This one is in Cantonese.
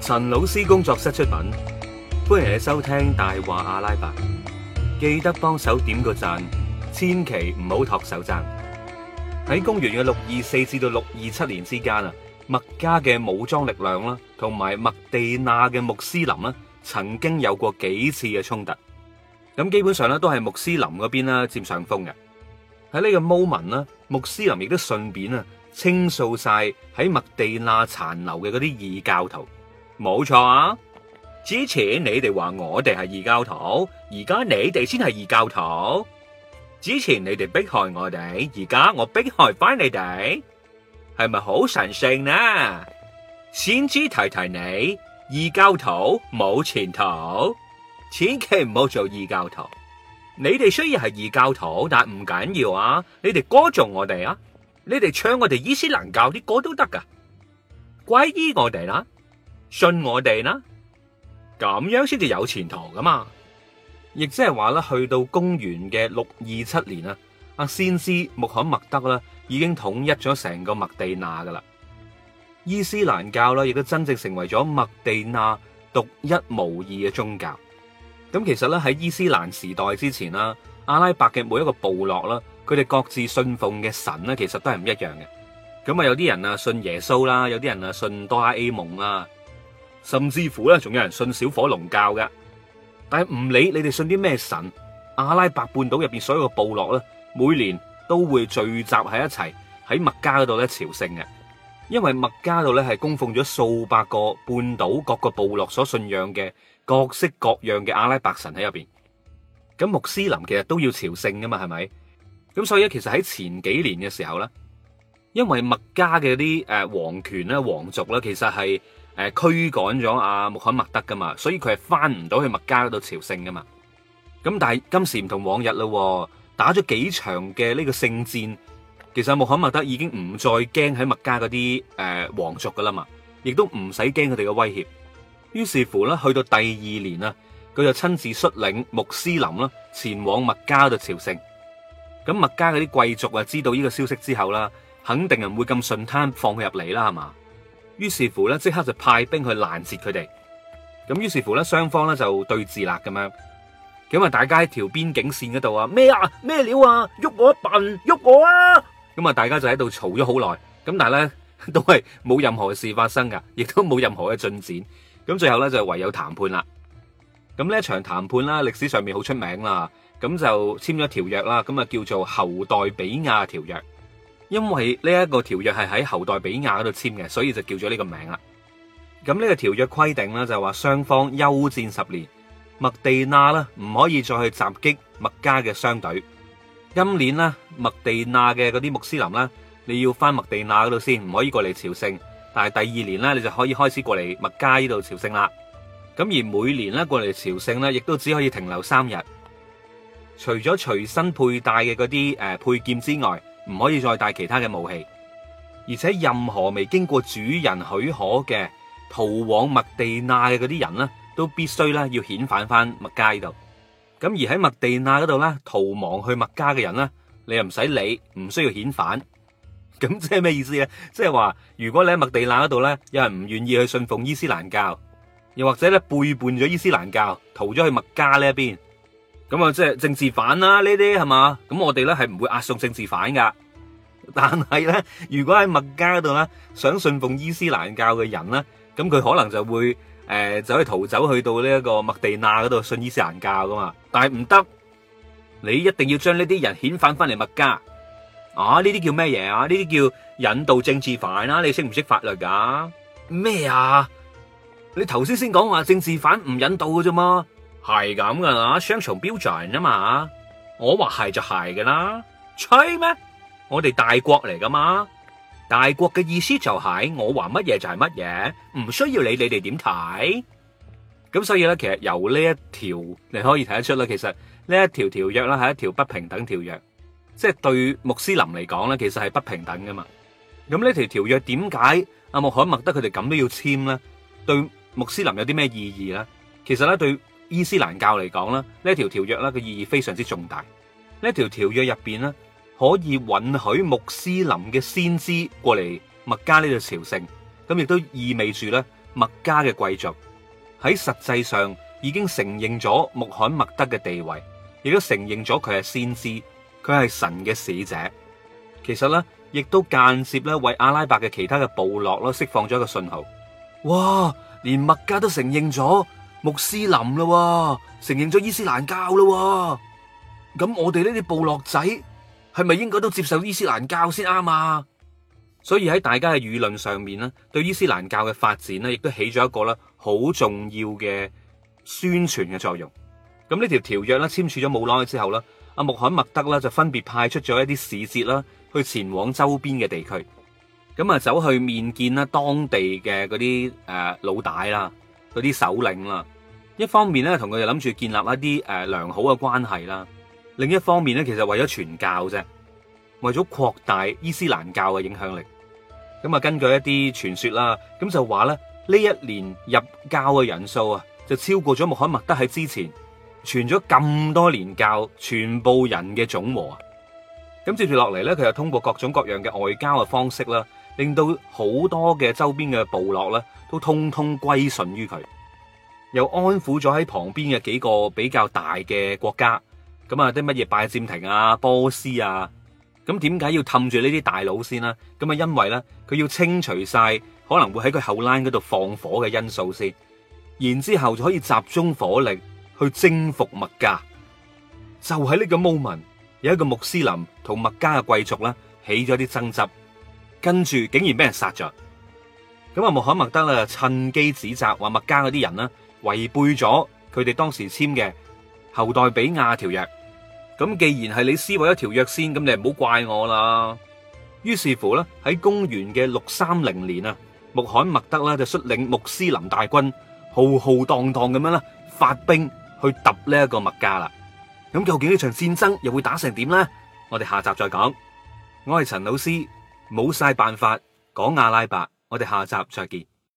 陳老師工作室出品，歡迎你收聽《大話阿拉伯》，記得幫手點個讚，千祈唔好托手踭。喺公元嘅六二四至到六二七年之間啊，麥加嘅武裝力量啦，同埋麥地那嘅穆斯林啦，曾經有過幾次嘅衝突。咁基本上咧，都係穆斯林嗰邊啦佔上風嘅。喺呢個 moment 啦，穆斯林亦都順便啊清掃晒喺麥地那殘留嘅嗰啲異教徒。冇錯啊！之前你哋話我哋係異教徒，而家你哋先係異教徒。之前你哋迫害我哋，而家我迫害翻你哋，係咪好神聖呢，啊？先知提提你，異教徒冇前途，千祈唔好做異教徒。你哋雖然係異教徒，但係唔緊要啊！你哋歌頌我哋啊，你哋唱我哋伊斯蘭教啲歌都得噶，歸依我哋啦。信我哋啦，咁樣先至有前途噶嘛？亦即係話咧，去到公元嘅六二七年啊，阿先知穆罕默德啦，已經統一咗成個麥地那噶啦。伊斯蘭教呢，亦都真正成為咗麥地那獨一無二嘅宗教。咁其實咧，喺伊斯蘭時代之前啦，阿拉伯嘅每一個部落啦，佢哋各自信奉嘅神咧，其實都係唔一樣嘅。咁啊，有啲人啊信耶穌啦，有啲人啊信多啦 A 夢啦。甚至乎咧，仲有人信小火龍教㗎。但係唔理你哋信啲咩神，阿拉伯半島入邊所有嘅部落咧，每年都會聚集喺一齊喺麥加嗰度咧朝聖嘅。因為麥加度咧係供奉咗數百個半島各個部落所信仰嘅各式各樣嘅阿拉伯神喺入邊。咁穆斯林其實都要朝聖噶嘛，係咪？咁所以咧，其實喺前幾年嘅時候咧，因為麥加嘅啲誒皇權咧、皇族咧，其實係。誒，驅趕咗阿穆罕默德噶嘛，所以佢係翻唔到去麥加嗰度朝聖噶嘛。咁但係今時唔同往日喎，打咗幾場嘅呢個聖戰，其實穆罕默德已經唔再驚喺麥加嗰啲誒皇族噶啦嘛，亦都唔使驚佢哋嘅威脅。於是乎咧，去到第二年啦，佢就親自率領穆斯林啦前往麥加度朝聖。咁麥加嗰啲貴族啊，知道呢個消息之後啦，肯定係唔會咁順攤放佢入嚟啦，係嘛？於是乎咧，即刻就派兵去攔截佢哋。咁於是乎咧，雙方咧就對峙啦咁樣。咁啊，大家喺條邊境線嗰度啊，咩啊咩料啊，喐我笨，喐我啊！咁啊，大家就喺度嘈咗好耐。咁但係咧，都係冇任何事發生噶，亦都冇任何嘅進展。咁最後咧就唯有談判啦。咁呢一場談判啦，歷史上面好出名啦。咁就簽咗條約啦。咁啊，叫做《侯代比亞條約》。因為呢一個條約係喺后代比亞嗰度簽嘅，所以就叫咗呢個名啦。咁、這、呢個條約規定呢，就話雙方休戰十年，麥地那呢，唔可以再去襲擊麥加嘅商隊。今年呢，麥地那嘅嗰啲穆斯林咧，你要翻麥地那嗰度先，唔可以過嚟朝聖。但係第二年呢，你就可以開始過嚟麥加呢度朝聖啦。咁而每年呢，過嚟朝聖呢，亦都只可以停留三日。除咗隨身佩戴嘅嗰啲誒佩劍之外，唔可以再帶其他嘅武器，而且任何未經過主人許可嘅逃往麥地那嘅嗰啲人呢，都必須咧要遣返翻麥加度。咁而喺麥地那嗰度咧，逃亡去麥加嘅人呢，你又唔使理，唔需要遣返。咁即係咩意思咧？即係話，如果你喺麥地那嗰度咧，有人唔願意去信奉伊斯蘭教，又或者咧背叛咗伊斯蘭教，逃咗去麥加呢一邊。咁啊，即係政治犯啦，呢啲係嘛？咁我哋咧係唔會押送政治犯噶。但係咧，如果喺麥加嗰度咧，想信奉伊斯蘭教嘅人呢，咁佢可能就會誒走去逃走去到呢一個麥地那嗰度信伊斯蘭教噶嘛。但係唔得，你一定要將呢啲人遣返翻嚟麥加。啊！呢啲叫咩嘢啊？呢啲叫引渡政治犯啦！你識唔識法律噶？咩啊？你頭先先講話政治犯唔引渡噶啫嘛？係咁噶啦，雙重標準啊嘛。我話係就係噶啦，吹咩？我哋大國嚟噶嘛，大國嘅意思就係我話乜嘢就係乜嘢，唔需要理你哋點睇。咁所以咧，其實由呢一條你可以睇得出咧，其實呢一條條約咧係一條不平等條約，即係對穆斯林嚟講咧，其實係不平等噶嘛。咁呢條條約點解阿穆罕默德佢哋咁都要簽咧？對穆斯林有啲咩意義咧？其實咧對伊斯蘭教嚟講啦，呢一條條約啦，個意義非常之重大。呢條條約入邊呢，可以允許穆斯林嘅先知過嚟麥加呢度朝聖，咁亦都意味住咧麥加嘅貴族喺實際上已經承認咗穆罕默德嘅地位，亦都承認咗佢係先知，佢係神嘅使者。其實咧，亦都間接咧為阿拉伯嘅其他嘅部落咯釋放咗一個信號。哇，連麥加都承認咗。穆斯林喎，承認咗伊斯蘭教喎。咁我哋呢啲部落仔係咪應該都接受伊斯蘭教先啱啊？所以喺大家嘅輿論上面呢，對伊斯蘭教嘅發展呢，亦都起咗一個咧好重要嘅宣傳嘅作用。咁呢條條約呢，簽署咗冇耐之後呢，阿穆罕默德呢，就分別派出咗一啲使節啦，去前往周邊嘅地區，咁啊走去面見啦當地嘅嗰啲誒老大啦。嗰啲首領啦，一方面咧同佢哋諗住建立一啲誒良好嘅關係啦，另一方面咧其實為咗傳教啫，為咗擴大伊斯蘭教嘅影響力。咁啊，根據一啲傳說啦，咁就話咧呢一年入教嘅人數啊，就超過咗穆罕默德喺之前傳咗咁多年教全部人嘅總和。咁接住落嚟咧，佢又通過各種各樣嘅外交嘅方式啦。令到好多嘅周邊嘅部落咧，都通通歸順於佢，又安撫咗喺旁邊嘅幾個比較大嘅國家。咁啊，啲乜嘢拜占庭啊、波斯啊，咁點解要氹住呢啲大佬先啦？咁啊，因為咧，佢要清除晒可能會喺佢後欄嗰度放火嘅因素先，然之後就可以集中火力去征服麥加。就喺呢個 moment，有一個穆斯林同麥加嘅貴族啦，起咗啲爭執。跟住竟然俾人殺咗，咁啊穆罕默德啦趁機指責話麥加嗰啲人呢違背咗佢哋當時簽嘅《后代比亞條約》。咁既然係你撕毀一條約先，咁你唔好怪我啦。於是乎咧，喺公元嘅六三零年啊，穆罕默德啦就率領穆斯林大軍浩浩蕩蕩咁樣咧發兵去揼呢一個麥加啦。咁究竟呢場戰爭又會打成點咧？我哋下集再講。我係陳老師。冇曬辦法，講阿拉伯，我哋下集再見。